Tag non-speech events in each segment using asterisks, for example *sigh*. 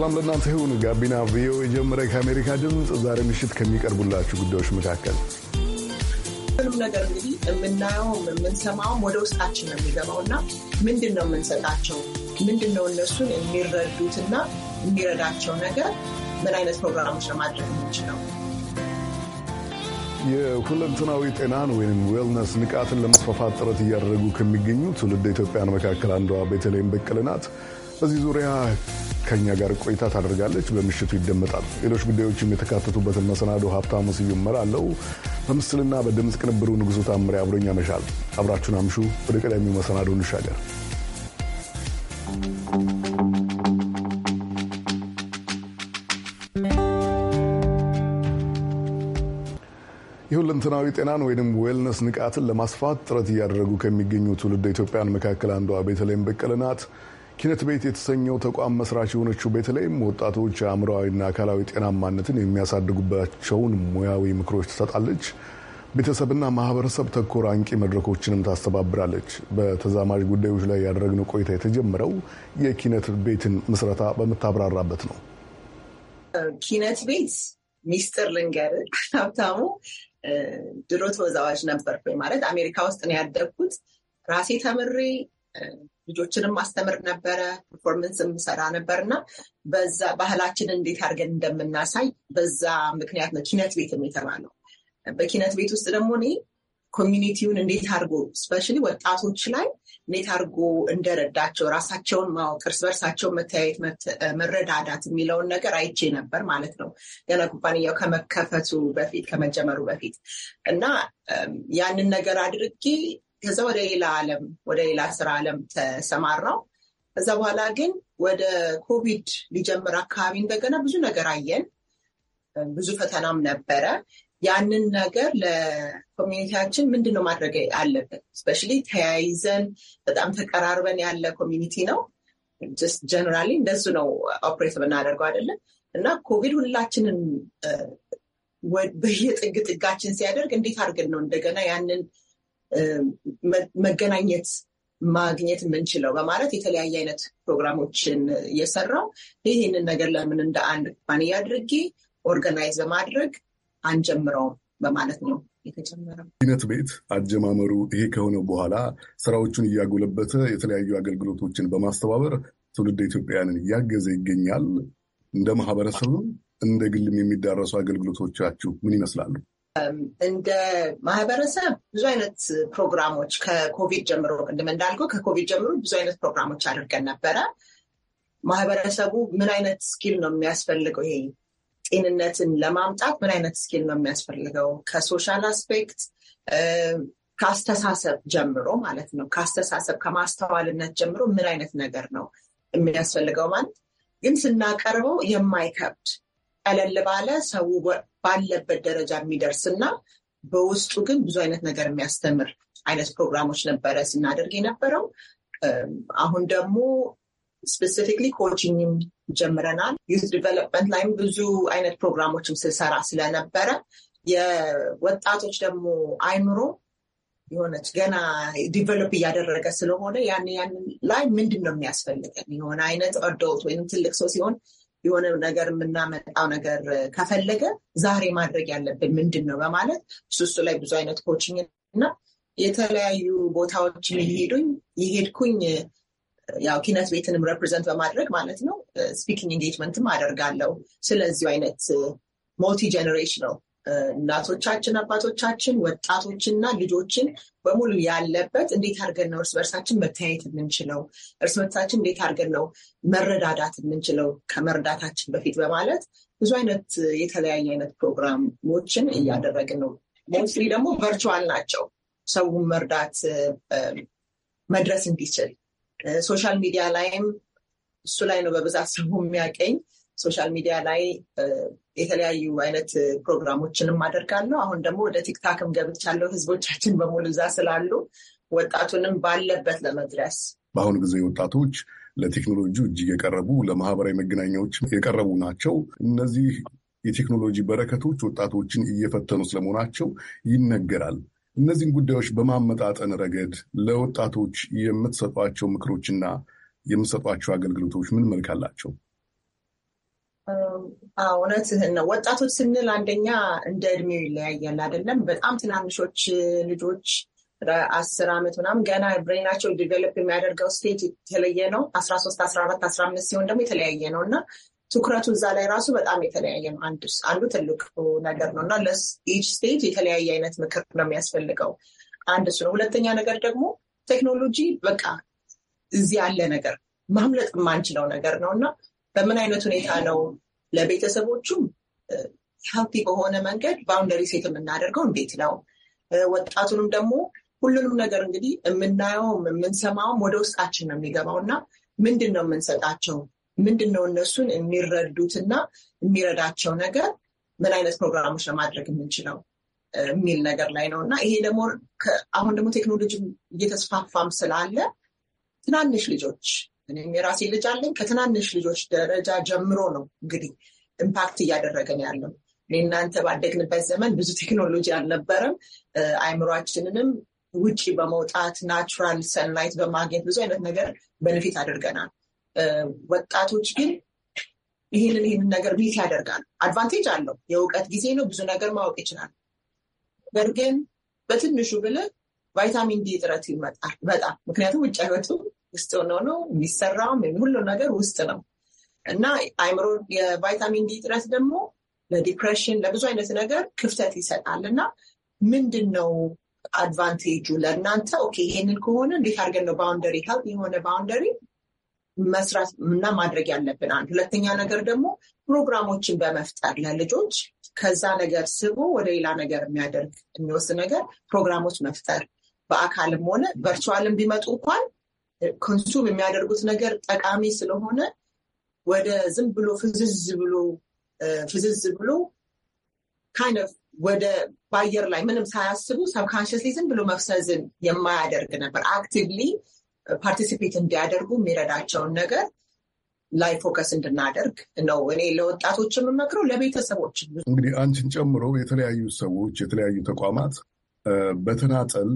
ሰላም ለእናንተ ይሁን። ጋቢና ቪኦኤ የጀመረ ከአሜሪካ ድምፅ ዛሬ ምሽት ከሚቀርቡላችሁ ጉዳዮች መካከል ምንም ነገር እንግዲህ የምናየውም የምንሰማውም ወደ ውስጣችን ነው የሚገባውና ምንድን ነው የምንሰጣቸው ምንድን ነው እነሱን የሚረዱትና የሚረዳቸው ነገር ምን አይነት ፕሮግራሞች ለማድረግ የምንችለው የሁለንተናዊ ጤናን ወይም ዌልነስ ንቃትን ለመስፋፋት ጥረት እያደረጉ ከሚገኙ ትውልድ ኢትዮጵያን መካከል አንዷ በተለይም በቀለ በዚህ ዙሪያ ከኛ ጋር ቆይታ ታደርጋለች። በምሽቱ ይደመጣል። ሌሎች ጉዳዮችም የተካተቱበትን መሰናዶ ሀብታሙ ስዩም አለው። በምስልና በድምፅ ቅንብሩ ንጉሱ ታምሬ አብሮኝ ያመሻል። አብራችሁን አምሹ። ወደ ቀዳሚው መሰናዶ እንሻገር። የሁለንተናዊ ጤናን ወይም ዌልነስ ንቃትን ለማስፋት ጥረት እያደረጉ ከሚገኙ ትውልድ ኢትዮጵያን መካከል አንዷ ቤተልሔም በቀለ ናት። ኪነት ቤት የተሰኘው ተቋም መስራች የሆነችው በተለይም ወጣቶች አእምሮዊና አካላዊ ጤናማነትን የሚያሳድጉባቸውን ሙያዊ ምክሮች ትሰጣለች። ቤተሰብና ማህበረሰብ ተኮር አንቂ መድረኮችንም ታስተባብራለች። በተዛማጅ ጉዳዮች ላይ ያደረግነው ቆይታ የተጀመረው የኪነት ቤትን ምስረታ በምታብራራበት ነው። ኪነት ቤት ሚስጥር ልንገር ሀብታሙ፣ ድሮ ተወዛዋዥ ነበርኩኝ። ማለት አሜሪካ ውስጥ ነው ያደግኩት። ራሴ ተምሬ ልጆችንም ማስተምር ነበረ፣ ፐርፎርመንስ የምሰራ ነበር እና በዛ ባህላችን እንዴት አድርገን እንደምናሳይ በዛ ምክንያት ነው ኪነት ቤት የተባለው። በኪነት ቤት ውስጥ ደግሞ እኔ ኮሚኒቲውን እንዴት አድርጎ ስፔሻሊ ወጣቶች ላይ እንዴት አድርጎ እንደረዳቸው ራሳቸውን ማወቅ፣ እርስ በርሳቸው መተያየት፣ መረዳዳት የሚለውን ነገር አይቼ ነበር ማለት ነው ገና ኩባንያው ከመከፈቱ በፊት ከመጀመሩ በፊት እና ያንን ነገር አድርጌ ከዛ ወደ ሌላ ዓለም ወደ ሌላ ስራ ዓለም ተሰማራው። ከዛ በኋላ ግን ወደ ኮቪድ ሊጀምር አካባቢ እንደገና ብዙ ነገር አየን። ብዙ ፈተናም ነበረ። ያንን ነገር ለኮሚኒቲያችን ምንድን ነው ማድረግ አለብን? እስፔሻሊ ተያይዘን በጣም ተቀራርበን ያለ ኮሚኒቲ ነው። ጀነራሊ እንደሱ ነው ኦፕሬት ብናደርገው አይደለም እና ኮቪድ ሁላችንን በየጥግ ጥጋችን ሲያደርግ እንዴት አድርገን ነው እንደገና ያንን መገናኘት ማግኘት የምንችለው በማለት የተለያየ አይነት ፕሮግራሞችን እየሰራው ይህንን ነገር ለምን እንደ አንድ ኩባንያ አድርጌ ኦርጋናይዝ በማድረግ አንጀምረውም በማለት ነው የተጀመረው። ይነት ቤት አጀማመሩ ይሄ ከሆነ በኋላ ስራዎቹን እያጎለበተ የተለያዩ አገልግሎቶችን በማስተባበር ትውልድ ኢትዮጵያውያንን እያገዘ ይገኛል። እንደ ማህበረሰብም እንደ ግልም የሚዳረሱ አገልግሎቶቻችሁ ምን ይመስላሉ? እንደ ማህበረሰብ ብዙ አይነት ፕሮግራሞች ከኮቪድ ጀምሮ ቅድም እንዳልኩ ከኮቪድ ጀምሮ ብዙ አይነት ፕሮግራሞች አድርገን ነበረ። ማህበረሰቡ ምን አይነት ስኪል ነው የሚያስፈልገው? ይሄ ጤንነትን ለማምጣት ምን አይነት ስኪል ነው የሚያስፈልገው? ከሶሻል አስፔክት ከአስተሳሰብ ጀምሮ ማለት ነው። ከአስተሳሰብ ከማስተዋልነት ጀምሮ ምን አይነት ነገር ነው የሚያስፈልገው ማለት ግን ስናቀርበው የማይከብድ ቀለል ባለ ሰው ባለበት ደረጃ የሚደርስና በውስጡ ግን ብዙ አይነት ነገር የሚያስተምር አይነት ፕሮግራሞች ነበረ ስናደርግ የነበረው። አሁን ደግሞ ስፔሲፊክሊ ኮችኝም ጀምረናል። ዩዝ ዲቨሎፕመንት ላይም ብዙ አይነት ፕሮግራሞችም ስሰራ ስለነበረ የወጣቶች ደግሞ አይምሮ የሆነች ገና ዲቨሎፕ እያደረገ ስለሆነ ያን ያን ላይ ምንድን ነው የሚያስፈልገን የሆነ አይነት አዶልት ወይም ትልቅ ሰው ሲሆን የሆነ ነገር የምናመጣው ነገር ከፈለገ ዛሬ ማድረግ ያለብን ምንድን ነው በማለት እሱ እሱ ላይ ብዙ አይነት ኮችኝ እና የተለያዩ ቦታዎችን የሄዱኝ የሄድኩኝ ያው ኪነት ቤትንም ሬፕሬዘንት በማድረግ ማለት ነው ስፒኪንግ ኢንጌጅመንትም አደርጋለው ስለዚሁ አይነት ሞልቲ ጀኔሬሽናል እናቶቻችን፣ አባቶቻችን፣ ወጣቶችንና ልጆችን በሙሉ ያለበት እንዴት አድርገን ነው እርስ በእርሳችን መተያየት የምንችለው፣ እርስ በርሳችን እንዴት አድርገን ነው መረዳዳት የምንችለው ከመረዳታችን በፊት በማለት ብዙ አይነት የተለያየ አይነት ፕሮግራሞችን እያደረግን ነው። ሞስትሊ ደግሞ ቨርቹዋል ናቸው። ሰውን መርዳት መድረስ እንዲችል ሶሻል ሚዲያ ላይም እሱ ላይ ነው በብዛት ሰው የሚያገኝ ሶሻል ሚዲያ ላይ የተለያዩ አይነት ፕሮግራሞችንም አደርጋለሁ። አሁን ደግሞ ወደ ቲክታክም ገብቻለሁ። ህዝቦቻችን በሙሉ እዛ ስላሉ ወጣቱንም ባለበት ለመድረስ በአሁኑ ጊዜ ወጣቶች ለቴክኖሎጂ እጅግ የቀረቡ ለማህበራዊ መገናኛዎች የቀረቡ ናቸው። እነዚህ የቴክኖሎጂ በረከቶች ወጣቶችን እየፈተኑ ስለመሆናቸው ይነገራል። እነዚህን ጉዳዮች በማመጣጠን ረገድ ለወጣቶች የምትሰጧቸው ምክሮችና የምትሰጧቸው አገልግሎቶች ምን መልክ አላቸው? እውነትህን ነው። ወጣቶች ስንል አንደኛ እንደ እድሜው ይለያያል አይደለም። በጣም ትናንሾች ልጆች አስር ዓመት ምናምን ገና ብሬናቸው ዲቨሎፕ የሚያደርገው ስቴጅ የተለየ ነው። አስራ ሶስት አስራ አራት አስራ አምስት ሲሆን ደግሞ የተለያየ ነው እና ትኩረቱ እዛ ላይ ራሱ በጣም የተለያየ ነው። አንዱ ትልቅ ነገር ነው እና ለኢች ስቴጅ የተለያየ አይነት ምክር ነው የሚያስፈልገው። አንድ እሱ ነው። ሁለተኛ ነገር ደግሞ ቴክኖሎጂ በቃ እዚህ ያለ ነገር ማምለጥ የማንችለው ነገር ነው እና በምን አይነት ሁኔታ ነው ለቤተሰቦቹም ሄልቲ በሆነ መንገድ ባውንደሪ ሴት የምናደርገው እንዴት ነው? ወጣቱንም ደግሞ ሁሉንም ነገር እንግዲህ የምናየውም የምንሰማውም ወደ ውስጣችን ነው የሚገባው እና ምንድን ነው የምንሰጣቸው? ምንድን ነው እነሱን የሚረዱትና የሚረዳቸው ነገር ምን አይነት ፕሮግራሞች ለማድረግ የምንችለው የሚል ነገር ላይ ነው እና ይሄ ደግሞ አሁን ደግሞ ቴክኖሎጂ እየተስፋፋም ስላለ ትናንሽ ልጆች እኔም የራሴ ልጅ አለኝ። ከትናንሽ ልጆች ደረጃ ጀምሮ ነው እንግዲህ ኢምፓክት እያደረገን ያለው። እናንተ ባደግንበት ዘመን ብዙ ቴክኖሎጂ አልነበረም። አይምሯችንንም ውጭ በመውጣት ናቹራል ሰንላይት በማግኘት ብዙ አይነት ነገር በንፊት አድርገናል። ወጣቶች ግን ይህንን ይህንን ነገር ቤት ያደርጋል። አድቫንቴጅ አለው። የእውቀት ጊዜ ነው። ብዙ ነገር ማወቅ ይችላል። ነገር ግን በትንሹ ብለ ቫይታሚን ዲ እጥረት ይመጣል በጣም ምክንያቱም ውጭ አይወጡም ውስጥ ሆኖ ነው የሚሰራውም ሁሉ ነገር ውስጥ ነው እና አይምሮ የቫይታሚን ዲ ጥረት ደግሞ ለዲፕሬሽን ለብዙ አይነት ነገር ክፍተት ይሰጣል እና ምንድን ነው አድቫንቴጁ ለእናንተ? ኦኬ ይሄንን ከሆነ እንዴት አድርገን ነው ባውንደሪ ሄልዝ የሆነ ባውንደሪ መስራት እና ማድረግ ያለብን? አንድ ሁለተኛ ነገር ደግሞ ፕሮግራሞችን በመፍጠር ለልጆች ከዛ ነገር ስቦ ወደ ሌላ ነገር የሚያደርግ የሚወስድ ነገር ፕሮግራሞች መፍጠር በአካልም ሆነ ቨርቹዋልም ቢመጡ እንኳን ኮንሱም የሚያደርጉት ነገር ጠቃሚ ስለሆነ ወደ ዝም ብሎ ፍዝዝ ብሎ ፍዝዝ ብሎ ካይነፍ ወደ በአየር ላይ ምንም ሳያስቡ ሰብካንሽስሊ ዝም ብሎ መፍሰዝን የማያደርግ ነበር። አክቲቭሊ ፓርቲሲፔት እንዲያደርጉ የሚረዳቸውን ነገር ላይ ፎከስ እንድናደርግ ነው እኔ ለወጣቶች የምመክረው፣ ለቤተሰቦች እንግዲህ አንቺን ጨምሮ የተለያዩ ሰዎች የተለያዩ ተቋማት በተናጠል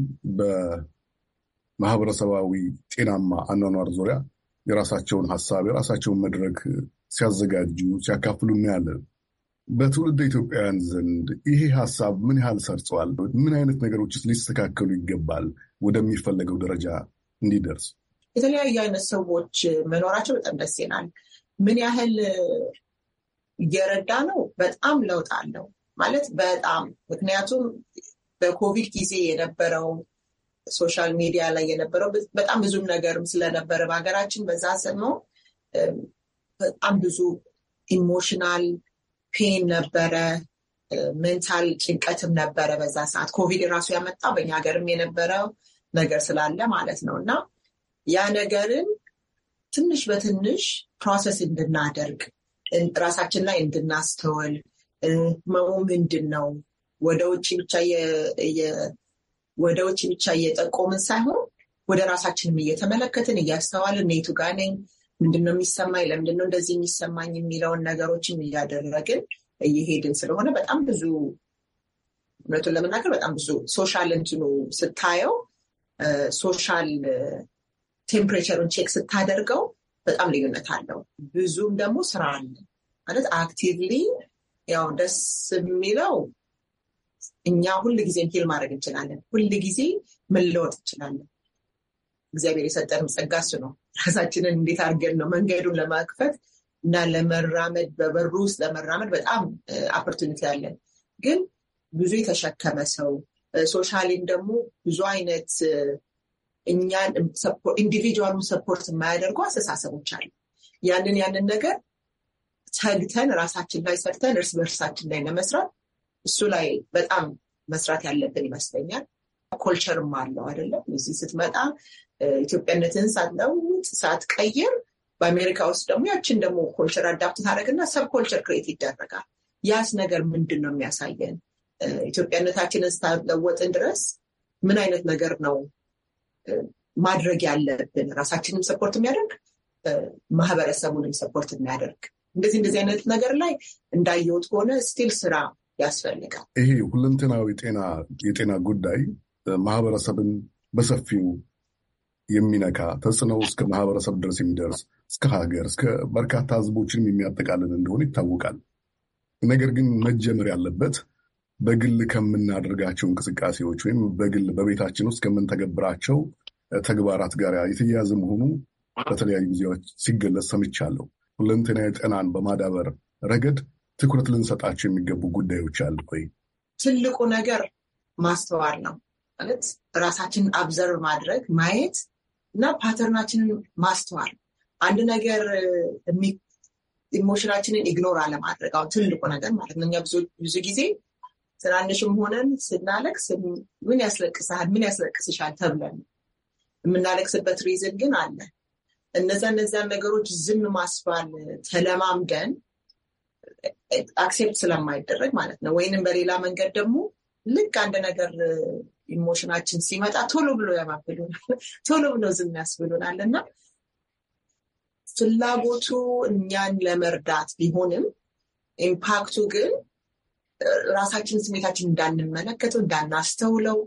ማህበረሰባዊ ጤናማ አኗኗር ዙሪያ የራሳቸውን ሀሳብ የራሳቸውን መድረክ ሲያዘጋጁ ሲያካፍሉ እናያለን። በትውልድ ኢትዮጵያውያን ዘንድ ይሄ ሀሳብ ምን ያህል ሰርጸዋል? ምን አይነት ነገሮች ሊስተካከሉ ይገባል ወደሚፈለገው ደረጃ እንዲደርስ? የተለያዩ አይነት ሰዎች መኖራቸው በጣም ደስ ይላል። ምን ያህል እየረዳ ነው? በጣም ለውጥ አለው ማለት በጣም ምክንያቱም በኮቪድ ጊዜ የነበረው ሶሻል ሚዲያ ላይ የነበረው በጣም ብዙም ነገርም ስለነበረ በሀገራችን በዛ ሰሞን በጣም ብዙ ኢሞሽናል ፔን ነበረ፣ ሜንታል ጭንቀትም ነበረ። በዛ ሰዓት ኮቪድ ራሱ ያመጣው በእኛ ሀገርም የነበረው ነገር ስላለ ማለት ነው እና ያ ነገርን ትንሽ በትንሽ ፕሮሰስ እንድናደርግ ራሳችን ላይ እንድናስተውል መሙ ምንድን ነው ወደ ውጭ ብቻ ወደ ውጭ ብቻ እየጠቆምን ሳይሆን ወደ ራሳችንም እየተመለከትን እያስተዋልን ኔቱ ጋር ነኝ፣ ምንድነው የሚሰማኝ፣ ለምንድነው እንደዚህ የሚሰማኝ የሚለውን ነገሮችን እያደረግን እየሄድን ስለሆነ በጣም ብዙ እውነቱን ለመናገር በጣም ብዙ ሶሻል እንትኑ ስታየው ሶሻል ቴምፕሬቸሩን ቼክ ስታደርገው በጣም ልዩነት አለው። ብዙም ደግሞ ስራ አለ ማለት አክቲቭሊ ያው ደስ የሚለው እኛ ሁል ጊዜም ሂል ማድረግ እንችላለን። ሁል ጊዜ መለወጥ እንችላለን። እግዚአብሔር የሰጠንም ጸጋ እሱ ነው። ራሳችንን እንዴት አድርገን ነው መንገዱን ለማክፈት እና ለመራመድ በበሩ ውስጥ ለመራመድ በጣም ኦፖርቱኒቲ አለን። ግን ብዙ የተሸከመ ሰው ሶሻሊም ደግሞ ብዙ አይነት እኛን ኢንዲቪጁዋሉን ሰፖርት የማያደርጉ አስተሳሰቦች አሉ። ያንን ያንን ነገር ተግተን ራሳችን ላይ ሰርተን እርስ በእርሳችን ላይ ለመስራት እሱ ላይ በጣም መስራት ያለብን ይመስለኛል። ኮልቸርም አለው አይደለም። እዚህ ስትመጣ ኢትዮጵያነትን ሳትለውጥ ሳትቀይር፣ በአሜሪካ ውስጥ ደግሞ ያችን ደግሞ ኮልቸር አዳፕት ታደረግና ሰብ ኮልቸር ክሬት ይደረጋል። ያስ ነገር ምንድን ነው የሚያሳየን? ኢትዮጵያነታችንን ስታለወጥን ድረስ ምን አይነት ነገር ነው ማድረግ ያለብን? ራሳችንም ሰፖርት የሚያደርግ ማህበረሰቡንም ሰፖርት የሚያደርግ እንደዚህ እንደዚህ አይነት ነገር ላይ እንዳየሁት ከሆነ ስቲል ስራ ያስፈልጋል። ይሄ ሁለንተናዊ ጤና የጤና ጉዳይ ማህበረሰብን በሰፊው የሚነካ ተጽዕኖ እስከ ማህበረሰብ ድረስ የሚደርስ እስከ ሀገር እስከ በርካታ ህዝቦችንም የሚያጠቃልል እንደሆነ ይታወቃል። ነገር ግን መጀመር ያለበት በግል ከምናደርጋቸው እንቅስቃሴዎች ወይም በግል በቤታችን ውስጥ ከምንተገብራቸው ተግባራት ጋር የተያያዘ መሆኑ በተለያዩ ጊዜዎች ሲገለጽ ሰምቻለሁ። ሁለንተናዊ ጤናን በማዳበር ረገድ ትኩረት ልንሰጣቸው የሚገቡ ጉዳዮች አሉ ወይ? ትልቁ ነገር ማስተዋል ነው ማለት ራሳችንን አብዘርቭ ማድረግ ማየት እና ፓተርናችንን ማስተዋል አንድ ነገር ኢሞሽናችንን ኢግኖር አለማድረግ አሁን ትልቁ ነገር ማለት ነው። እኛ ብዙ ጊዜ ትናንሽም ሆነን ስናለቅስ ምን ያስለቅስሃል፣ ምን ያስለቅስሻል ተብለን የምናለቅስበት ሪዝን ግን አለ። እነዛ እነዚያን ነገሮች ዝም ማስባል ተለማምደን አክሴፕት ስለማይደረግ ማለት ነው። ወይንም በሌላ መንገድ ደግሞ ልክ አንድ ነገር ኢሞሽናችን ሲመጣ ቶሎ ብሎ ያባብሉናል፣ ቶሎ ብሎ ዝም ያስብሉናል እና ፍላጎቱ እኛን ለመርዳት ቢሆንም ኢምፓክቱ ግን ራሳችን ስሜታችን እንዳንመለከተው እንዳናስተውለው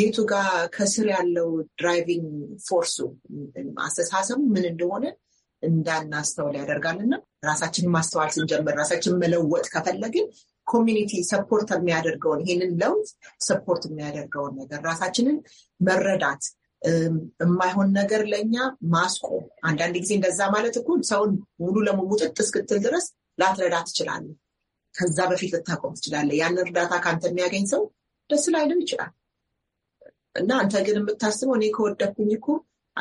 የቱ ጋር ከስር ያለው ድራይቪንግ ፎርሱ አስተሳሰቡ ምን እንደሆነ እንዳናስተውል ያደርጋልና ራሳችን ማስተዋል ስንጀምር ራሳችን መለወጥ ከፈለግን ኮሚኒቲ ሰፖርት የሚያደርገውን ይሄንን ለውጥ ሰፖርት የሚያደርገውን ነገር ራሳችንን መረዳት የማይሆን ነገር ለእኛ ማስቆም። አንዳንድ ጊዜ እንደዛ ማለት እኮ ሰውን ሙሉ ለሙሉ እስክትል ድረስ ላትረዳ ትችላለህ። ከዛ በፊት ልታቆም ትችላለህ። ያን እርዳታ ከአንተ የሚያገኝ ሰው ደስ ላይለው ይችላል እና አንተ ግን የምታስበው እኔ ከወደኩኝ እኮ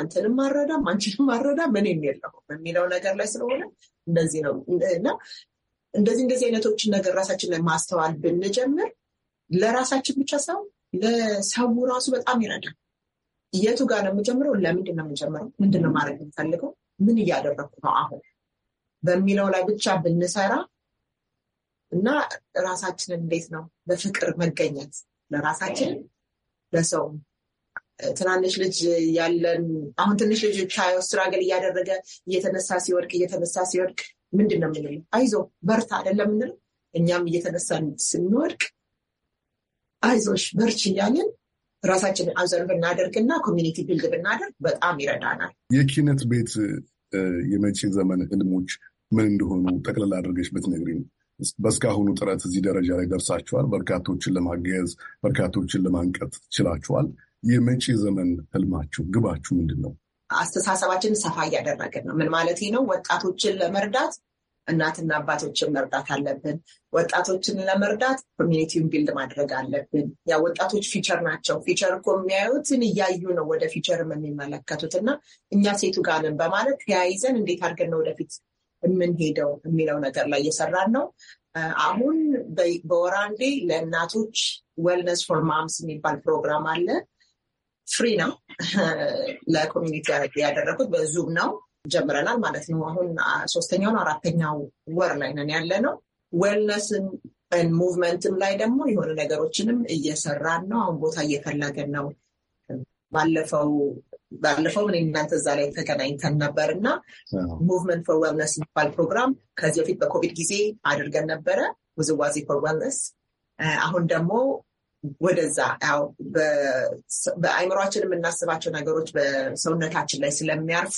አንተንም አረዳም አንችንም አረዳም ምን የለውም የሚለው ነገር ላይ ስለሆነ እንደዚህ ነው እና እንደዚህ እንደዚህ አይነቶችን ነገር ራሳችን ላይ ማስተዋል ብንጀምር ለራሳችን ብቻ ሰው ለሰው ራሱ በጣም ይረዳል። የቱ ጋር ነው የምጀምረው? ለምንድን ነው የምጀምረው? ምንድን ነው ማድረግ የምፈልገው? ምን እያደረግኩ ነው አሁን በሚለው ላይ ብቻ ብንሰራ እና ራሳችንን እንዴት ነው በፍቅር መገኘት ለራሳችን ለሰው ትናንሽ ልጅ ያለን አሁን ትንሽ ልጆች ስትራግል እያደረገ እየተነሳ ሲወድቅ እየተነሳ ሲወድቅ ምንድን ነው የምንለው? አይዞ በርታ አይደለም የምንለው። እኛም እየተነሳን ስንወድቅ አይዞሽ በርች እያለን ራሳችንን አብዘርቭ እናደርግና ኮሚኒቲ ቢልድ ብናደርግ በጣም ይረዳናል። የኪነት ቤት የመቼ ዘመን ህልሞች ምን እንደሆኑ ጠቅልላ አድርገሽ ብትነግሪኝ። በእስካሁኑ ጥረት እዚህ ደረጃ ላይ ደርሳችኋል። በርካቶችን ለማገዝ በርካቶችን ለማንቀጥ ችላችኋል። የመጪ ዘመን ህልማችሁ ግባችሁ ምንድን ነው? አስተሳሰባችን ሰፋ እያደረግን ነው። ምን ማለት ነው? ወጣቶችን ለመርዳት እናትና አባቶችን መርዳት አለብን። ወጣቶችን ለመርዳት ኮሚኒቲውን ቢልድ ማድረግ አለብን። ያ ወጣቶች ፊቸር ናቸው። ፊቸር እኮ የሚያዩትን እያዩ ነው ወደ ፊቸርም የሚመለከቱት እና እኛ ሴቱ ጋርን በማለት ተያይዘን እንዴት አድርገን ነው ወደፊት የምንሄደው የሚለው ነገር ላይ እየሰራን ነው። አሁን በወራንዴ ለእናቶች ዌልነስ ፎር ማምስ የሚባል ፕሮግራም አለ። ፍሪ ነው። *laughs* ለኮሚኒቲ ያደረኩት በዙም ነው ጀምረናል ማለት ነው። አሁን ሶስተኛውን አራተኛው ወር ላይ ነን ያለ ነው። ዌልነስን ሙቭመንትም ላይ ደግሞ የሆነ ነገሮችንም እየሰራን ነው። አሁን ቦታ እየፈለገን ነው። ባለፈው ባለፈው ምን እናንተ እዛ ላይ ተገናኝተን ነበር እና ሙቭመንት ፎር ዌልነስ የሚባል ፕሮግራም ከዚህ በፊት በኮቪድ ጊዜ አድርገን ነበረ ውዝዋዜ ፎር ዌልነስ። አሁን ደግሞ ወደዛ ያው በአይምሯችን የምናስባቸው ነገሮች በሰውነታችን ላይ ስለሚያርፉ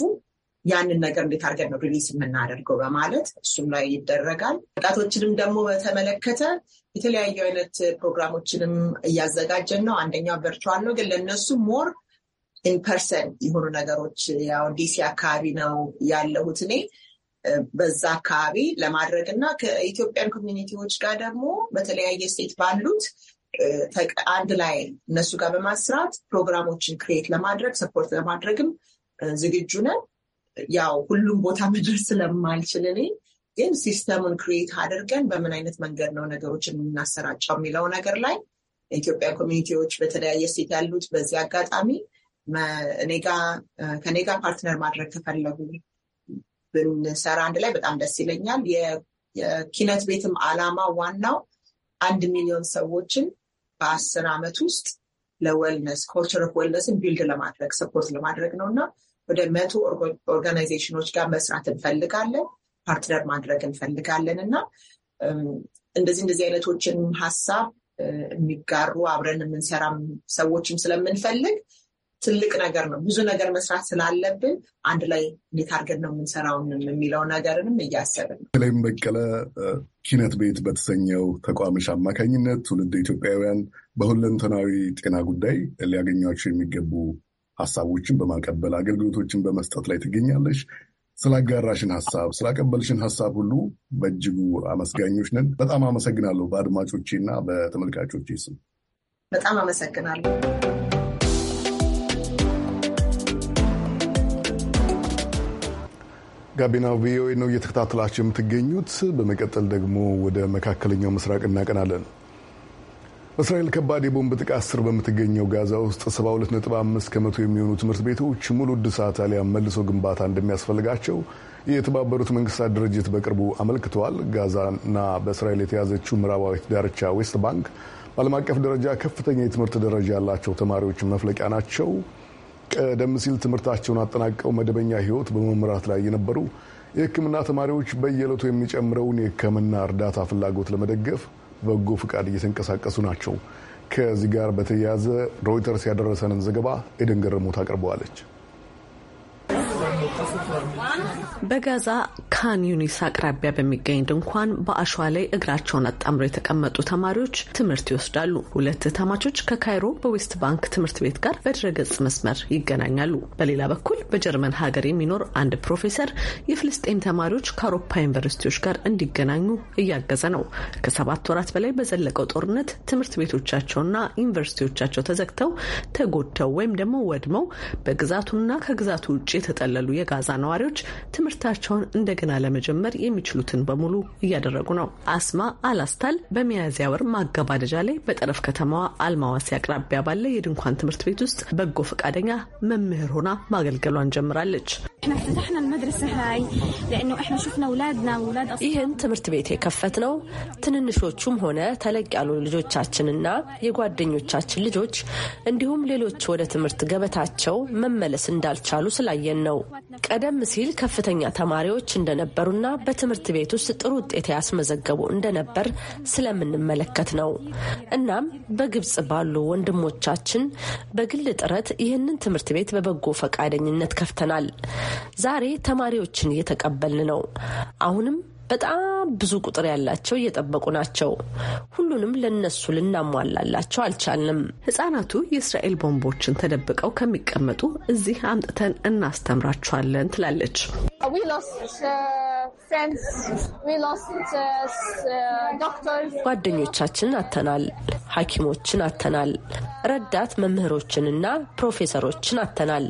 ያንን ነገር እንዴት አድርገን ነው ሪሊስ የምናደርገው በማለት እሱም ላይ ይደረጋል። ወጣቶችንም ደግሞ በተመለከተ የተለያዩ አይነት ፕሮግራሞችንም እያዘጋጀን ነው። አንደኛው ቨርቹዋል ነው፣ ግን ለእነሱ ሞር ኢንፐርሰን የሆኑ ነገሮች ያው ዲሲ አካባቢ ነው ያለሁት እኔ በዛ አካባቢ ለማድረግ እና ከኢትዮጵያን ኮሚኒቲዎች ጋር ደግሞ በተለያየ ስቴት ባሉት አንድ ላይ እነሱ ጋር በማስራት ፕሮግራሞችን ክሬት ለማድረግ ሰፖርት ለማድረግም ዝግጁ ነን። ያው ሁሉም ቦታ መድረስ ስለማልችል እኔ ግን ሲስተሙን ክሬት አድርገን በምን አይነት መንገድ ነው ነገሮችን የምናሰራጨው የሚለው ነገር ላይ የኢትዮጵያ ኮሚኒቲዎች በተለያየ ሴት ያሉት በዚህ አጋጣሚ ከኔ ጋር ፓርትነር ማድረግ ከፈለጉ ብንሰራ አንድ ላይ በጣም ደስ ይለኛል። የኪነት ቤትም አላማ ዋናው አንድ ሚሊዮን ሰዎችን በአስር ዓመት ውስጥ ለወልነስ ኮልቸር ኦፍ ወልነስን ቢልድ ለማድረግ ሰፖርት ለማድረግ ነው እና ወደ መቶ ኦርጋናይዜሽኖች ጋር መስራት እንፈልጋለን፣ ፓርትነር ማድረግ እንፈልጋለን እና እንደዚህ እንደዚህ አይነቶችን ሀሳብ የሚጋሩ አብረን የምንሰራም ሰዎችም ስለምንፈልግ ትልቅ ነገር ነው። ብዙ ነገር መስራት ስላለብን አንድ ላይ እንዴት አድርገን ነው የምንሰራውን የሚለው ነገርንም እያሰብን ነው። በተለይም በቀለ ኪነት ቤት በተሰኘው ተቋምሽ አማካኝነት ትውልድ ኢትዮጵያውያን በሁለንተናዊ ጤና ጉዳይ ሊያገኟቸው የሚገቡ ሀሳቦችን በማቀበል አገልግሎቶችን በመስጠት ላይ ትገኛለሽ። ስላጋራሽን ሀሳብ ስላቀበልሽን ሀሳብ ሁሉ በእጅጉ አመስጋኞች ነን። በጣም አመሰግናለሁ። በአድማጮቼ እና በተመልካቾቼ ስም በጣም አመሰግናለሁ። ጋቢና ቪኦኤ ነው እየተከታተላቸው የምትገኙት። በመቀጠል ደግሞ ወደ መካከለኛው ምስራቅ እናቀናለን። እስራኤል ከባድ የቦምብ ጥቃት ስር በምትገኘው ጋዛ ውስጥ 72.5 ከመቶ የሚሆኑ ትምህርት ቤቶች ሙሉ እድሳት አሊያም መልሶ ግንባታ እንደሚያስፈልጋቸው የተባበሩት መንግስታት ድርጅት በቅርቡ አመልክተዋል። ጋዛና በእስራኤል የተያዘችው ምዕራባዊት ዳርቻ ዌስት ባንክ በዓለም አቀፍ ደረጃ ከፍተኛ የትምህርት ደረጃ ያላቸው ተማሪዎች መፍለቂያ ናቸው። ቀደም ሲል ትምህርታቸውን አጠናቀው መደበኛ ህይወት በመምራት ላይ የነበሩ የህክምና ተማሪዎች በየዕለቱ የሚጨምረውን የህክምና እርዳታ ፍላጎት ለመደገፍ በጎ ፍቃድ እየተንቀሳቀሱ ናቸው። ከዚህ ጋር በተያያዘ ሮይተርስ ያደረሰንን ዘገባ ኤደን ገረሞት አቅርበዋለች። በጋዛ ካን ዩኒስ አቅራቢያ በሚገኝ ድንኳን በአሸዋ ላይ እግራቸውን አጣምረው የተቀመጡ ተማሪዎች ትምህርት ይወስዳሉ። ሁለት ተማቾች ከካይሮ በዌስት ባንክ ትምህርት ቤት ጋር በድረገጽ መስመር ይገናኛሉ። በሌላ በኩል በጀርመን ሀገር የሚኖር አንድ ፕሮፌሰር የፍልስጤም ተማሪዎች ከአውሮፓ ዩኒቨርሲቲዎች ጋር እንዲገናኙ እያገዘ ነው። ከሰባት ወራት በላይ በዘለቀው ጦርነት ትምህርት ቤቶቻቸውና ዩኒቨርሲቲዎቻቸው ተዘግተው ተጎድተው ወይም ደግሞ ወድመው በግዛቱና ከግዛቱ ውጭ የተጠለሉ የጋዛ ነዋሪዎች ትምህርታቸውን እንደገና ለመጀመር የሚችሉትን በሙሉ እያደረጉ ነው። አስማ አላስታል በሚያዝያ ወር ማገባደጃ ላይ በጠረፍ ከተማዋ አልማዋሲ አቅራቢያ ባለ የድንኳን ትምህርት ቤት ውስጥ በጎ ፈቃደኛ መምህር ሆና ማገልገሏን ጀምራለች። ይህን ትምህርት ቤት የከፈት ነው። ትንንሾቹም ሆነ ተለቅ ያሉ ልጆቻችንና የጓደኞቻችን ልጆች እንዲሁም ሌሎች ወደ ትምህርት ገበታቸው መመለስ እንዳልቻሉ ስላየን ነው። ቀደም ሲል ከፍተኛ ከፍተኛ ተማሪዎች እንደነበሩና በትምህርት ቤት ውስጥ ጥሩ ውጤት ያስመዘገቡ እንደነበር ስለምንመለከት ነው። እናም በግብጽ ባሉ ወንድሞቻችን በግል ጥረት ይህንን ትምህርት ቤት በበጎ ፈቃደኝነት ከፍተናል። ዛሬ ተማሪዎችን እየተቀበልን ነው። አሁንም በጣም ብዙ ቁጥር ያላቸው እየጠበቁ ናቸው። ሁሉንም ለነሱ ልናሟላላቸው አልቻልንም። ህጻናቱ የእስራኤል ቦምቦችን ተደብቀው ከሚቀመጡ እዚህ አምጥተን እናስተምራቸዋለን ትላለች። uh, uh, uh, ጓደኞቻችንን አተናል፣ ሐኪሞችን አተናል፣ ረዳት መምህሮችንና ፕሮፌሰሮችን አተናል።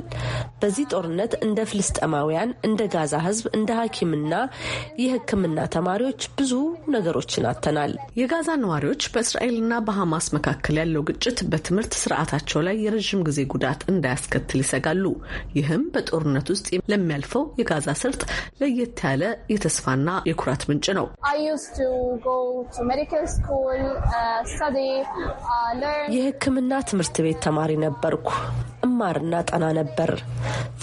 በዚህ ጦርነት እንደ ፍልስጠማውያን፣ እንደ ጋዛ ህዝብ፣ እንደ ሐኪምና የህክምና ተማሪዎች ብዙ ነገሮችን አተናል። የጋዛ ነዋሪዎች በእስራኤልና በሐማስ መካከል ያለው ግጭት በትምህርት ስርዓታቸው ላይ የረዥም ጊዜ ጉዳት እንዳያስከትል ይሰጋሉ። ይህም በጦርነት ውስጥ ለሚያልፈው የጋዛ ስርጥ ለየት ያለ የተስፋና የኩራት ምንጭ ነው። uh, uh, የሕክምና ትምህርት ቤት ተማሪ ነበርኩ። እማርና ጠና ነበር።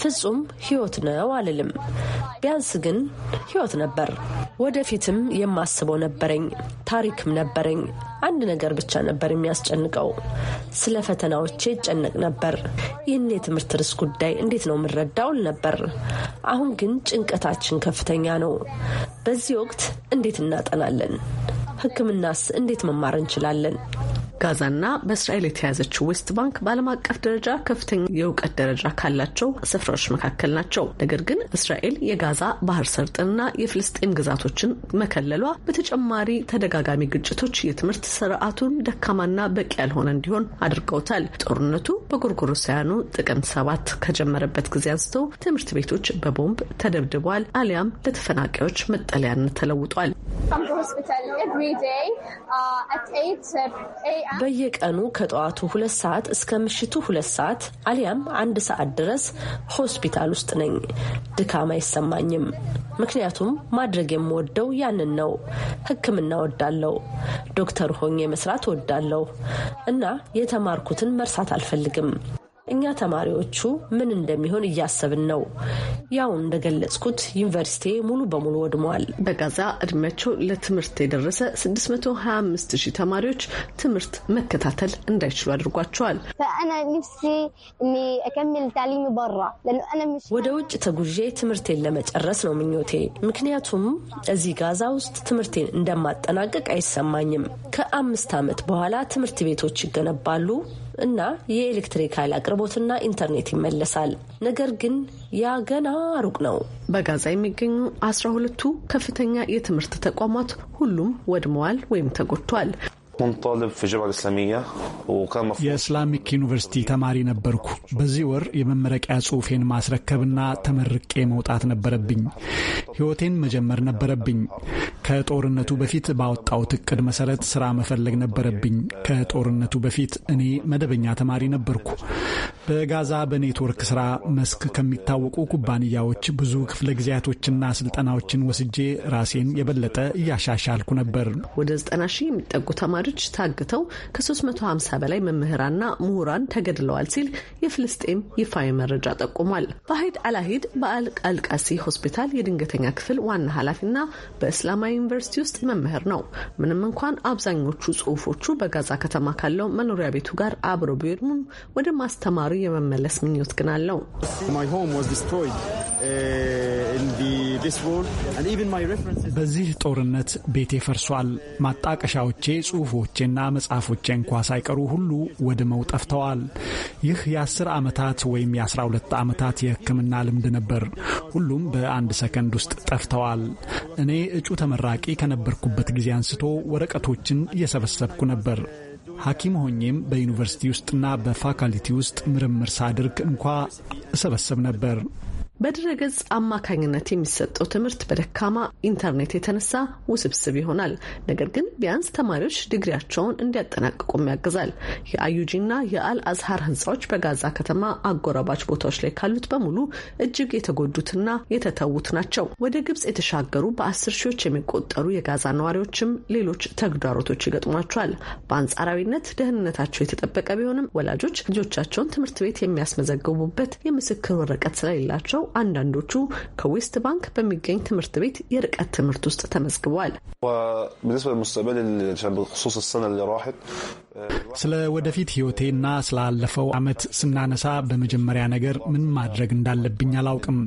ፍጹም ህይወት ነው አልልም። ቢያንስ ግን ህይወት ነበር። ወደፊትም የማስበው ነበረኝ፣ ታሪክም ነበረኝ። አንድ ነገር ብቻ ነበር የሚያስጨንቀው። ስለ ፈተናዎቼ ይጨነቅ ነበር። ይህን የትምህርት ርዕስ ጉዳይ እንዴት ነው የምረዳውል ነበር። አሁን ግን ጭንቀታችን ከፍተኛ ነው። በዚህ ወቅት እንዴት እናጠናለን? ህክምናስ እንዴት መማር እንችላለን? ጋዛና በእስራኤል የተያዘችው ዌስት ባንክ በዓለም አቀፍ ደረጃ ከፍተኛ የእውቀት ደረጃ ካላቸው ስፍራዎች መካከል ናቸው። ነገር ግን እስራኤል የጋዛ ባህር ሰርጥንና የፍልስጤም ግዛቶችን መከለሏ በተጨማሪ ተደጋጋሚ ግጭቶች የትምህርት ስርዓቱን ደካማና በቂ ያልሆነ እንዲሆን አድርገውታል። ጦርነቱ በጎርጎሮሳውያኑ ጥቅምት ሰባት ከጀመረበት ጊዜ አንስቶ ትምህርት ቤቶች በቦምብ ተደብድበዋል፣ አሊያም ለተፈናቃዮች መጠለያነት ተለውጧል። በየቀኑ ከጠዋቱ ሁለት ሰዓት እስከ ምሽቱ ሁለት ሰዓት አሊያም አንድ ሰዓት ድረስ ሆስፒታል ውስጥ ነኝ። ድካም አይሰማኝም፣ ምክንያቱም ማድረግ የምወደው ያንን ነው። ሕክምና ወዳለው፣ ዶክተር ሆኜ መስራት ወዳለው እና የተማርኩትን መርሳት አልፈልግም። እኛ ተማሪዎቹ ምን እንደሚሆን እያሰብን ነው። ያው እንደገለጽኩት ዩኒቨርሲቲ ሙሉ በሙሉ ወድመዋል። በጋዛ እድሜያቸው ለትምህርት የደረሰ 6250 ተማሪዎች ትምህርት መከታተል እንዳይችሉ አድርጓቸዋል። ወደ ውጭ ተጉዤ ትምህርቴን ለመጨረስ ነው ምኞቴ። ምክንያቱም እዚህ ጋዛ ውስጥ ትምህርቴን እንደማጠናቀቅ አይሰማኝም። ከአምስት ዓመት በኋላ ትምህርት ቤቶች ይገነባሉ። እና የኤሌክትሪክ ኃይል አቅርቦትና ኢንተርኔት ይመለሳል። ነገር ግን ያ ገና ሩቅ ነው። በጋዛ የሚገኙ አስራ ሁለቱ ከፍተኛ የትምህርት ተቋማት ሁሉም ወድመዋል ወይም ተጎድቷል። የእስላሚክ ዩኒቨርሲቲ ተማሪ ነበርኩ። በዚህ ወር የመመረቂያ ጽሑፌን ማስረከብና ተመርቄ መውጣት ነበረብኝ። ህይወቴን መጀመር ነበረብኝ። ከጦርነቱ በፊት ባወጣሁት እቅድ መሰረት ስራ መፈለግ ነበረብኝ። ከጦርነቱ በፊት እኔ መደበኛ ተማሪ ነበርኩ። በጋዛ በኔትወርክ ስራ መስክ ከሚታወቁ ኩባንያዎች ብዙ ክፍለ ጊዜያቶችና ስልጠናዎችን ወስጄ ራሴን የበለጠ እያሻሻልኩ ነበር። ወደ ዘጠና ሺህ የሚጠጉ ተማሪ ሪሰርች ታግተው ከ350 በላይ መምህራንና ምሁራን ተገድለዋል ሲል የፍልስጤም ይፋዊ መረጃ ጠቁሟል። ባሂድ አላሂድ በአልቃልቃሲ ሆስፒታል የድንገተኛ ክፍል ዋና ኃላፊና በእስላማዊ ዩኒቨርሲቲ ውስጥ መምህር ነው። ምንም እንኳን አብዛኞቹ ጽሁፎቹ በጋዛ ከተማ ካለው መኖሪያ ቤቱ ጋር አብሮ ቢሄድሙም ወደ ማስተማሩ የመመለስ ምኞት ግን አለው። uh, በዚህ ጦርነት ቤቴ ፈርሷል። ማጣቀሻዎቼ ጽሁፎ ጽሑፎቼና መጽሐፎቼ እንኳ ሳይቀሩ ሁሉ ወድመው ጠፍተዋል። ይህ የ10 ዓመታት ወይም የ12 ዓመታት የሕክምና ልምድ ነበር። ሁሉም በአንድ ሰከንድ ውስጥ ጠፍተዋል። እኔ እጩ ተመራቂ ከነበርኩበት ጊዜ አንስቶ ወረቀቶችን እየሰበሰብኩ ነበር። ሐኪም ሆኜም በዩኒቨርሲቲ ውስጥና በፋካልቲ ውስጥ ምርምር ሳድርግ እንኳ እሰበስብ ነበር። በድረገጽ አማካኝነት የሚሰጠው ትምህርት በደካማ ኢንተርኔት የተነሳ ውስብስብ ይሆናል። ነገር ግን ቢያንስ ተማሪዎች ዲግሪያቸውን እንዲያጠናቅቁም ያግዛል። የአዩጂና የአል አዝሃር ህንፃዎች በጋዛ ከተማ አጎራባች ቦታዎች ላይ ካሉት በሙሉ እጅግ የተጎዱትና የተተዉት ናቸው። ወደ ግብጽ የተሻገሩ በአስር ሺዎች የሚቆጠሩ የጋዛ ነዋሪዎችም ሌሎች ተግዳሮቶች ይገጥሟቸዋል። በአንጻራዊነት ደህንነታቸው የተጠበቀ ቢሆንም ወላጆች ልጆቻቸውን ትምህርት ቤት የሚያስመዘግቡበት የምስክር ወረቀት ስለሌላቸው አንዳንዶቹ ከዌስት ባንክ በሚገኝ ትምህርት ቤት የርቀት ትምህርት ውስጥ ተመዝግቧል። ስለ ወደፊት ህይወቴና ስላለፈው አመት ስናነሳ በመጀመሪያ ነገር ምን ማድረግ እንዳለብኝ አላውቅም።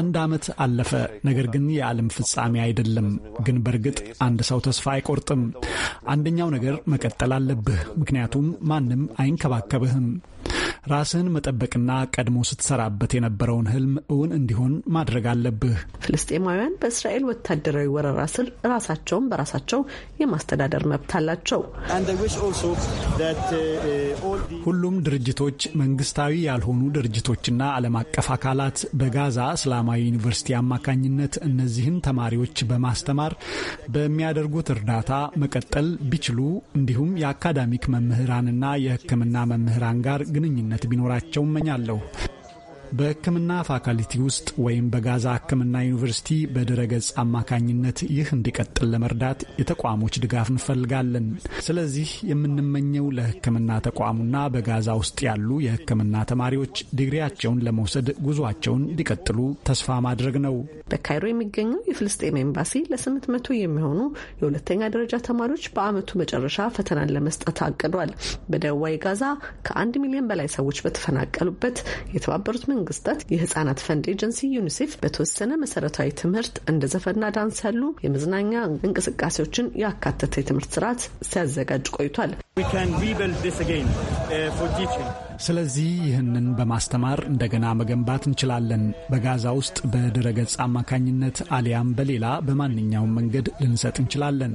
አንድ አመት አለፈ፣ ነገር ግን የዓለም ፍጻሜ አይደለም። ግን በእርግጥ አንድ ሰው ተስፋ አይቆርጥም። አንደኛው ነገር መቀጠል አለብህ፣ ምክንያቱም ማንም አይንከባከብህም። ራስህን መጠበቅና ቀድሞ ስትሰራበት የነበረውን ህልም እውን እንዲሆን ማድረግ አለብህ። ፍልስጤማውያን በእስራኤል ወታደራዊ ወረራ ስር ራሳቸውን በራሳቸው የማስተዳደር መብት አላቸው። uh, ሁሉም ድርጅቶች፣ መንግስታዊ ያልሆኑ ድርጅቶችና ዓለም አቀፍ አካላት በጋዛ እስላማዊ ዩኒቨርሲቲ አማካኝነት እነዚህን ተማሪዎች በማስተማር በሚያደርጉት እርዳታ መቀጠል ቢችሉ እንዲሁም የአካዳሚክ መምህራንና የሕክምና መምህራን ጋር ግንኙነት ግንኙነት ቢኖራቸው እመኛለሁ። በሕክምና ፋካልቲ ውስጥ ወይም በጋዛ ሕክምና ዩኒቨርሲቲ በድረገጽ አማካኝነት ይህ እንዲቀጥል ለመርዳት የተቋሞች ድጋፍ እንፈልጋለን። ስለዚህ የምንመኘው ለሕክምና ተቋሙና በጋዛ ውስጥ ያሉ የሕክምና ተማሪዎች ዲግሪያቸውን ለመውሰድ ጉዟቸውን እንዲቀጥሉ ተስፋ ማድረግ ነው። በካይሮ የሚገኘው የፍልስጤም ኤምባሲ ለስምንት መቶ የሚሆኑ የሁለተኛ ደረጃ ተማሪዎች በዓመቱ መጨረሻ ፈተናን ለመስጠት አቅዷል። በደቡባዊ ጋዛ ከአንድ ሚሊዮን በላይ ሰዎች በተፈናቀሉበት የተባበሩት መንግስታት የህጻናት ፈንድ ኤጀንሲ ዩኒሴፍ በተወሰነ መሰረታዊ ትምህርት እንደ ዘፈና ዳንስ ያሉ የመዝናኛ እንቅስቃሴዎችን ያካተተ የትምህርት ስርዓት ሲያዘጋጅ ቆይቷል። Uh, ስለዚህ ይህንን በማስተማር እንደገና መገንባት እንችላለን። በጋዛ ውስጥ በድረገጽ አማካኝነት አሊያም በሌላ በማንኛውም መንገድ ልንሰጥ እንችላለን።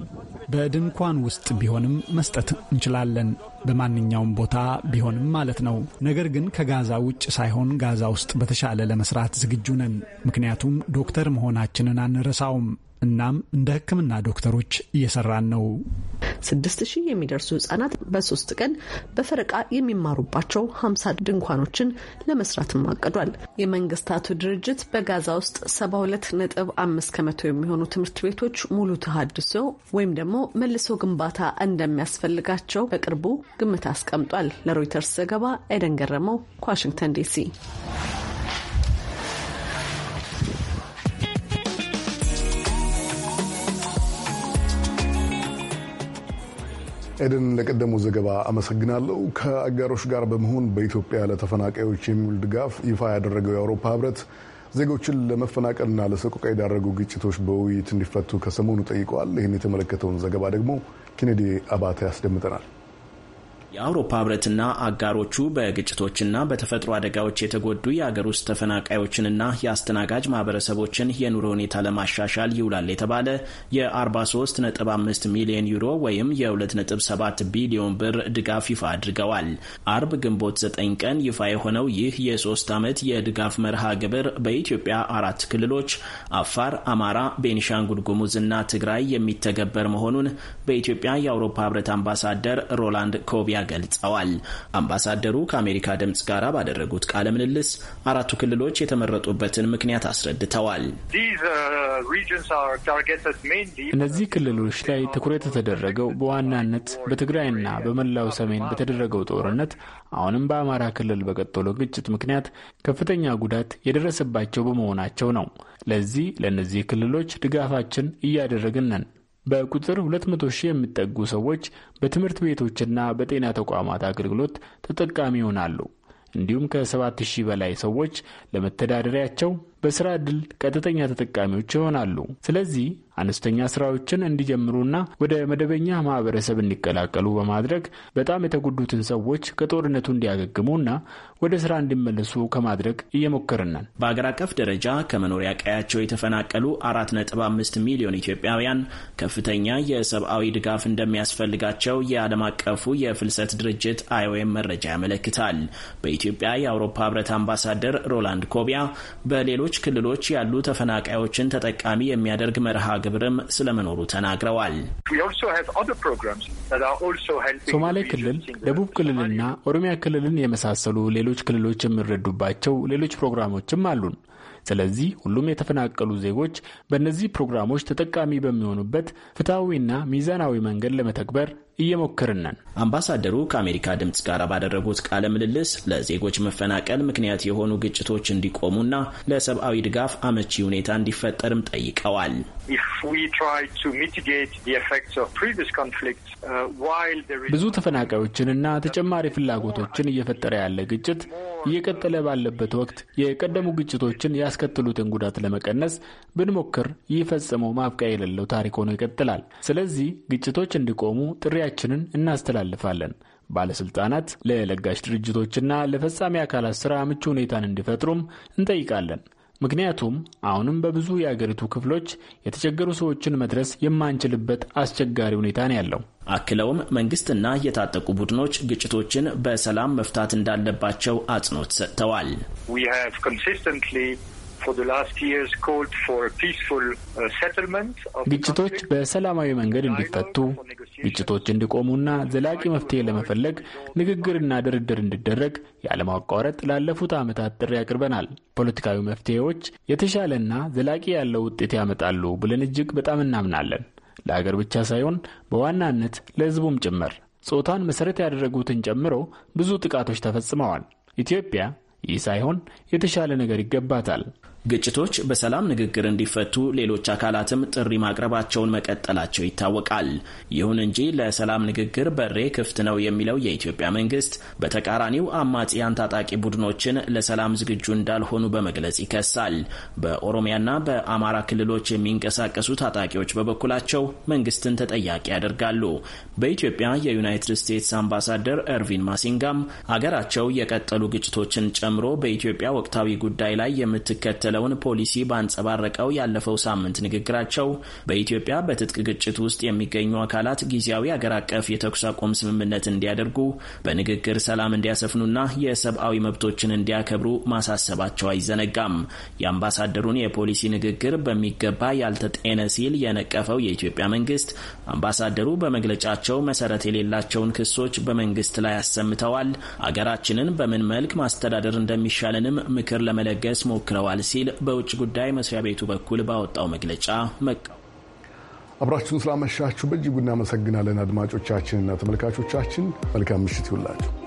በድንኳን ውስጥ ቢሆንም መስጠት እንችላለን። በማንኛውም ቦታ ቢሆንም ማለት ነው። ነገር ግን ከጋዛ ውጭ ሳይሆን ጋዛ ውስጥ በተሻለ ለመስራት ዝግጁ ነን። ምክንያቱም ዶክተር መሆናችንን አንረሳውም። እናም እንደ ህክምና ዶክተሮች እየሰራን ነው። ስድስት ሺህ የሚደርሱ ህጻናት በሶስት ቀን በፈረቃ የሚማሩባቸው ሀምሳ ድንኳኖችን ለመስራትም አቅዷል። የመንግስታቱ ድርጅት በጋዛ ውስጥ ሰባ ሁለት ነጥብ አምስት ከመቶ የሚሆኑ ትምህርት ቤቶች ሙሉ ተሃድሶ ወይም ደግሞ መልሶ ግንባታ እንደሚያስፈልጋቸው በቅርቡ ግምት አስቀምጧል። ለሮይተርስ ዘገባ ኤደን ገረመው ከዋሽንግተን ዲሲ ኤደን ለቀደመው ዘገባ አመሰግናለሁ። ከአጋሮች ጋር በመሆን በኢትዮጵያ ለተፈናቃዮች የሚውል ድጋፍ ይፋ ያደረገው የአውሮፓ ህብረት ዜጎችን ለመፈናቀልና ለሰቆቃ የዳረጉ ግጭቶች በውይይት እንዲፈቱ ከሰሞኑ ጠይቀዋል። ይህን የተመለከተውን ዘገባ ደግሞ ኬኔዲ አባተ ያስደምጠናል። የአውሮፓ ህብረትና አጋሮቹ በግጭቶችና በተፈጥሮ አደጋዎች የተጎዱ የአገር ውስጥ ተፈናቃዮችንና የአስተናጋጅ ማህበረሰቦችን የኑሮ ሁኔታ ለማሻሻል ይውላል የተባለ የ43.5 ሚሊዮን ዩሮ ወይም የ2.7 ቢሊዮን ብር ድጋፍ ይፋ አድርገዋል። አርብ ግንቦት 9 ቀን ይፋ የሆነው ይህ የሶስት ዓመት የድጋፍ መርሃ ግብር በኢትዮጵያ አራት ክልሎች አፋር፣ አማራ፣ ቤኒሻንጉል እና ትግራይ የሚተገበር መሆኑን በኢትዮጵያ የአውሮፓ ህብረት አምባሳደር ሮላንድ ኮቢያ ገልጸዋል። አምባሳደሩ ከአሜሪካ ድምፅ ጋር ባደረጉት ቃለ ምልልስ አራቱ ክልሎች የተመረጡበትን ምክንያት አስረድተዋል። uh, እነዚህ ክልሎች ላይ ትኩረት የተደረገው በዋናነት በትግራይና በመላው ሰሜን በተደረገው ጦርነት አሁንም በአማራ ክልል በቀጠሎ ግጭት ምክንያት ከፍተኛ ጉዳት የደረሰባቸው በመሆናቸው ነው። ለዚህ ለእነዚህ ክልሎች ድጋፋችን እያደረግን ነን። በቁጥር 200 ሺህ የሚጠጉ ሰዎች በትምህርት ቤቶችና በጤና ተቋማት አገልግሎት ተጠቃሚ ይሆናሉ። እንዲሁም ከ7000 በላይ ሰዎች ለመተዳደሪያቸው በስራ ዕድል ቀጥተኛ ተጠቃሚዎች ይሆናሉ። ስለዚህ አነስተኛ ስራዎችን እንዲጀምሩና ወደ መደበኛ ማህበረሰብ እንዲቀላቀሉ በማድረግ በጣም የተጎዱትን ሰዎች ከጦርነቱ እንዲያገግሙና ወደ ስራ እንዲመለሱ ከማድረግ እየሞከርን በአገር አቀፍ ደረጃ ከመኖሪያ ቀያቸው የተፈናቀሉ 4.5 ሚሊዮን ኢትዮጵያውያን ከፍተኛ የሰብአዊ ድጋፍ እንደሚያስፈልጋቸው የዓለም አቀፉ የፍልሰት ድርጅት አይኦኤም መረጃ ያመለክታል። በኢትዮጵያ የአውሮፓ ህብረት አምባሳደር ሮላንድ ኮቢያ በሌሎች በሌሎች ክልሎች ያሉ ተፈናቃዮችን ተጠቃሚ የሚያደርግ መርሃ ግብርም ስለመኖሩ ተናግረዋል። ሶማሌ ክልል፣ ደቡብ ክልልና ኦሮሚያ ክልልን የመሳሰሉ ሌሎች ክልሎች የሚረዱባቸው ሌሎች ፕሮግራሞችም አሉን። ስለዚህ ሁሉም የተፈናቀሉ ዜጎች በእነዚህ ፕሮግራሞች ተጠቃሚ በሚሆኑበት ፍትሐዊና ሚዛናዊ መንገድ ለመተግበር እየሞከርን ነን። አምባሳደሩ ከአሜሪካ ድምፅ ጋር ባደረጉት ቃለ ምልልስ ለዜጎች መፈናቀል ምክንያት የሆኑ ግጭቶች እንዲቆሙና ለሰብአዊ ድጋፍ አመቺ ሁኔታ እንዲፈጠርም ጠይቀዋል። uh, ብዙ ተፈናቃዮችንና ተጨማሪ ፍላጎቶችን እየፈጠረ ያለ ግጭት እየቀጠለ ባለበት ወቅት የቀደሙ ግጭቶችን ያስከትሉትን ጉዳት ለመቀነስ ብንሞክር ይህ ፈጽሞ ማብቂያ የሌለው ታሪክ ሆኖ ይቀጥላል። ስለዚህ ግጭቶች እንዲቆሙ ጥሪ ጥሪያችንን እናስተላልፋለን። ባለስልጣናት ለለጋሽ ድርጅቶችና ለፈጻሚ አካላት ስራ ምቹ ሁኔታን እንዲፈጥሩም እንጠይቃለን። ምክንያቱም አሁንም በብዙ የአገሪቱ ክፍሎች የተቸገሩ ሰዎችን መድረስ የማንችልበት አስቸጋሪ ሁኔታ ነው ያለው። አክለውም መንግስትና የታጠቁ ቡድኖች ግጭቶችን በሰላም መፍታት እንዳለባቸው አጽንኦት ሰጥተዋል። Uh, ግጭቶች በሰላማዊ መንገድ እንዲፈቱ፣ ግጭቶች እንዲቆሙና ዘላቂ መፍትሄ ለመፈለግ ንግግርና ድርድር እንዲደረግ ያለማቋረጥ ላለፉት ዓመታት ጥሪ አቅርበናል። ፖለቲካዊ መፍትሄዎች የተሻለና ዘላቂ ያለው ውጤት ያመጣሉ ብለን እጅግ በጣም እናምናለን። ለአገር ብቻ ሳይሆን በዋናነት ለሕዝቡም ጭምር ጾታን መሠረት ያደረጉትን ጨምሮ ብዙ ጥቃቶች ተፈጽመዋል። ኢትዮጵያ ይህ ሳይሆን የተሻለ ነገር ይገባታል። ግጭቶች በሰላም ንግግር እንዲፈቱ ሌሎች አካላትም ጥሪ ማቅረባቸውን መቀጠላቸው ይታወቃል። ይሁን እንጂ ለሰላም ንግግር በሬ ክፍት ነው የሚለው የኢትዮጵያ መንግስት በተቃራኒው አማጽያን ታጣቂ ቡድኖችን ለሰላም ዝግጁ እንዳልሆኑ በመግለጽ ይከሳል። በኦሮሚያና በአማራ ክልሎች የሚንቀሳቀሱ ታጣቂዎች በበኩላቸው መንግስትን ተጠያቂ ያደርጋሉ። በኢትዮጵያ የዩናይትድ ስቴትስ አምባሳደር ኤርቪን ማሲንጋም አገራቸው የቀጠሉ ግጭቶችን ጨምሮ በኢትዮጵያ ወቅታዊ ጉዳይ ላይ የምትከተል የተከተለውን ፖሊሲ ባንጸባረቀው ያለፈው ሳምንት ንግግራቸው በኢትዮጵያ በትጥቅ ግጭት ውስጥ የሚገኙ አካላት ጊዜያዊ አገር አቀፍ የተኩስ አቁም ስምምነት እንዲያደርጉ በንግግር ሰላም እንዲያሰፍኑና የሰብአዊ መብቶችን እንዲያከብሩ ማሳሰባቸው አይዘነጋም። የአምባሳደሩን የፖሊሲ ንግግር በሚገባ ያልተጤነ ሲል የነቀፈው የኢትዮጵያ መንግስት አምባሳደሩ በመግለጫቸው መሰረት የሌላቸውን ክሶች በመንግስት ላይ አሰምተዋል፣ አገራችንን በምን መልክ ማስተዳደር እንደሚሻለንም ምክር ለመለገስ ሞክረዋል ሲል ሲል በውጭ ጉዳይ መስሪያ ቤቱ በኩል ባወጣው መግለጫ መቃወም አብራችሁን ስላመሻችሁ በእጅጉ እናመሰግናለን። አድማጮቻችንና ተመልካቾቻችን መልካም ምሽት ይሁንላችሁ።